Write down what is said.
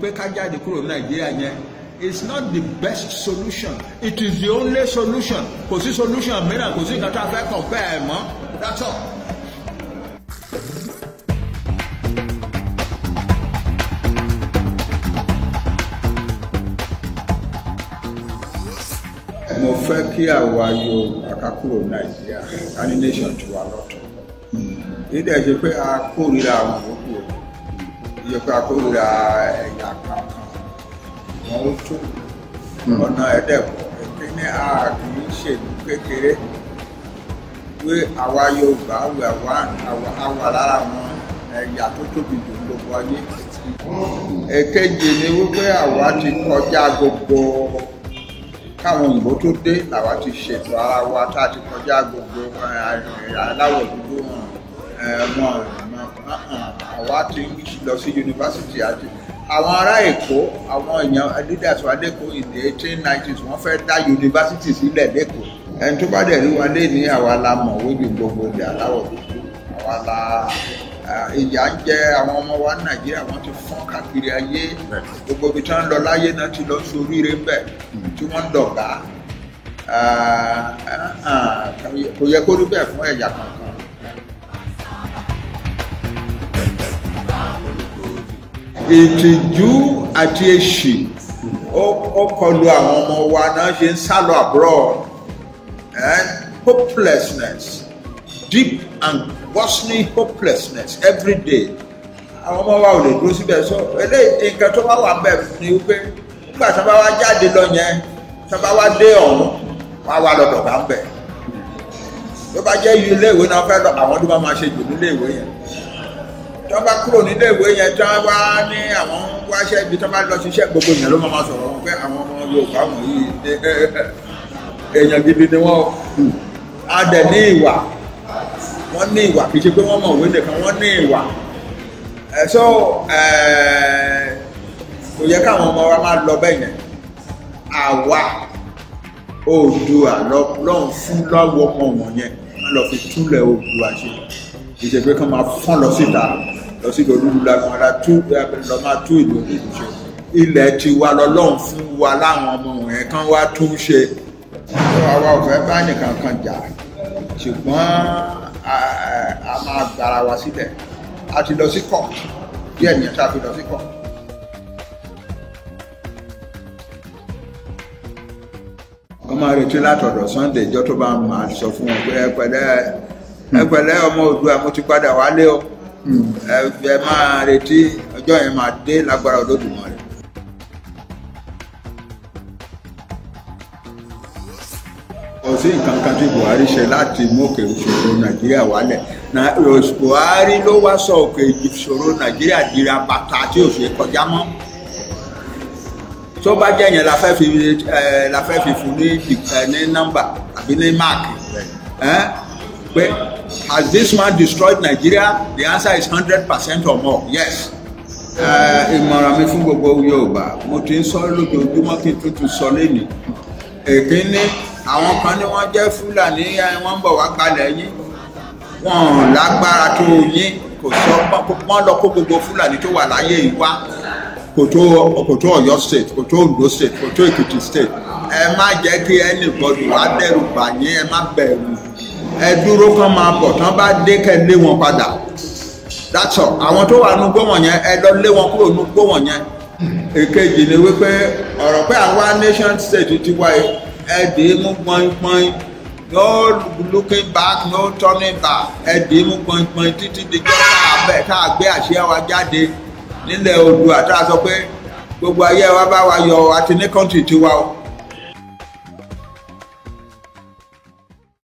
pé ká jáde kúrò ní nàìjíríà yẹn it's not the best solution it is the only solution kò sí solution mìíràn kò sí nǹkan tó a fẹ́ compare ẹ̀ mọ́ that's all. mo fẹ́ kí àwa yọ àkàkúrò nàìjíríà ká ní nation tiwa lọ́tọ̀ ìdí pé a kórìíra àwọn yọpẹ akórira ẹ̀yà kan wọn ó tó ọ̀nà ẹ̀dẹ̀kọ̀ kíní a kì í ṣèlú kékeré pé àwa Yorùbá wẹ̀ wá àwa lára wọn ẹ̀yà tó tóbi jù gbogbo ayé èkejì ni wípé àwa ti kọjá gbogbo káwọn òyìnbó tó dé làwa ti ṣètò ara wa tá a ti kọjá gbogbo eh, aláwọ̀ dúdú wọn eh, wọn àwa ti lọ sí yunifásitì àti àwọn ará èkó àwọn èèyàn leaders wa lẹ́kọ̀ọ́ in the eighteen nineties wọ́n fẹ́ dá yunifásitì sílẹ̀ lẹ́kọ̀ọ́ ẹni tó bá dẹ̀ rí wa lé ní àwa la mọ̀wé ju gbogbo ilẹ̀ aláwọ̀ dúdú àwa la ìyà ń jẹ àwọn ọmọ wa ní nàìjíríà wọ́n ti fọ́n káàkiri ayé gbogbo ibi tí wọ́n ń lọ láyé náà ti lọ sóríire bẹ́ẹ̀ tí wọ́n ń dọ̀gá kò yẹ kó rí bẹ́ẹ̀ fún ẹ̀yà kankan. ìtìjú àti èṣì ó kọlu àwọn ọmọ wa náà ṣe ń sálọ abroad and hopelessness deep and worsening hopelessness every day àwọn ọmọ wa ò lè dúró síbẹ̀ sọ eléyìí nǹkan tó bá wà ń bẹ̀ ni wípé nígbà tó bá wá jáde lọ yẹn tó bá wá dé ọ̀hún wá wá lọ́dọ̀ bá ń bẹ̀ tó bá jẹ́ ilé ìwé náà fẹ́ lọ àwọn tó bá máa ṣe jù nílé ìwé yẹn tó bá kúrò nílé ìwé yẹn tó wá ní àwọn wáṣẹ́ ibi tó bá lọ ṣiṣẹ́ gbogbo yẹn ló máa sọ̀rọ̀ wọn pé àwọn ọmọ Yorùbá wọ̀nyí èèyàn gidi ni wọ́n á dẹ̀ ní ìwà wọ́n ní ìwà kì í ṣe pé wọ́n mọ̀ òwe nìkan wọ́n ní ìwà so kò yẹ káwọn ọmọ wa máa lọ bẹ́ẹ̀ yẹn àwa Oòduà lọ́n fún lọ́wọ́ ọmọ wọ̀nyẹn wọ́n lọ fi túlẹ̀ Oòduà ṣe kì í ṣe pé kán máa fọ́n lọ nous lọ sí ìlú lágbára tú lọ máa tú ìlú òyìnbó ṣe ilẹ̀ tiwa lọ́lọ́run fún wa láwọn ọmọ wọ̀nyẹn kán wá tún ṣe àwa ò fẹ́ bá nìkan kan jà ṣùgbọ́n a máa gbára wa sílẹ̀ a à lọ sí kọ́ọ̀tù díẹ̀ nìyẹn tá a fi lọ sí kọ́ọ̀tù. wọ́n máa retí látọ̀dọ̀ Sunday ìjọ ẹ pẹ̀lẹ́ ọmọ Oòduà mo ti padà wálé o ẹ máa retí ọjọ́ yẹn máa dé lágbára Olódùmarè. kò sí nǹkan kan tí Buhari ṣe láti mú òkè ìṣòro Nàìjíríà wálẹ̀ Buhari ló wá sọ òkè ìṣòro Nàìjíríà dira bàtà tí ò ṣe kọjá mọ́ tó bá jẹ́ yẹn la fẹ́ fi la fẹ́ fi fún ní nọ́mbà àbí ní máàkì pé Has this man destroyed Nigeria? The answer is hundred percent or more. Yes. Eh, ìmọ̀ràn mi fún gbogbo Yorùbá, mo ti ń sọ lójoojúmọ́ kí n tuntun sọ lẹ́nu. Èkínní, àwọn kan ní wọ́n jẹ́ Fúlàní eh, wọ́n ń bọ̀ wá gbalẹ̀ yín. Wọ́n lágbára tó yín kò sọ wọ́n lọ kó gbogbo Fúlàní tó wà láyé yìí wá. Kò tó Ọ̀yọ́ state, kò tó Ondo state, kò tó Èkìtì state. Ẹ má jẹ́ kí ẹnì gbọ́dọ̀ wá bẹ̀rù bà yín, ẹ má bẹ̀rù ẹ dúró kán máa bọ̀ tán bá dé kẹ́ lé wọn padà that's all àwọn tó wà nú gbọ́wọ̀n yẹn ẹ lọ lé wọn kúrò nú gbọ́wọ̀n yẹn èkejì ni wípé ọ̀rọ̀ pé àwa nation state ti wáyé ẹ dè é mú pọ́npọ́n no looking back no turning back ẹ dè é mú pọ́npọ́n títí dijọ́ tá a gbé àṣẹ wa jáde nílẹ̀ Oòduà tá a sọ pé gbogbo ayé wa bá wa yọ àti ní kọ́ńtì tiwa o.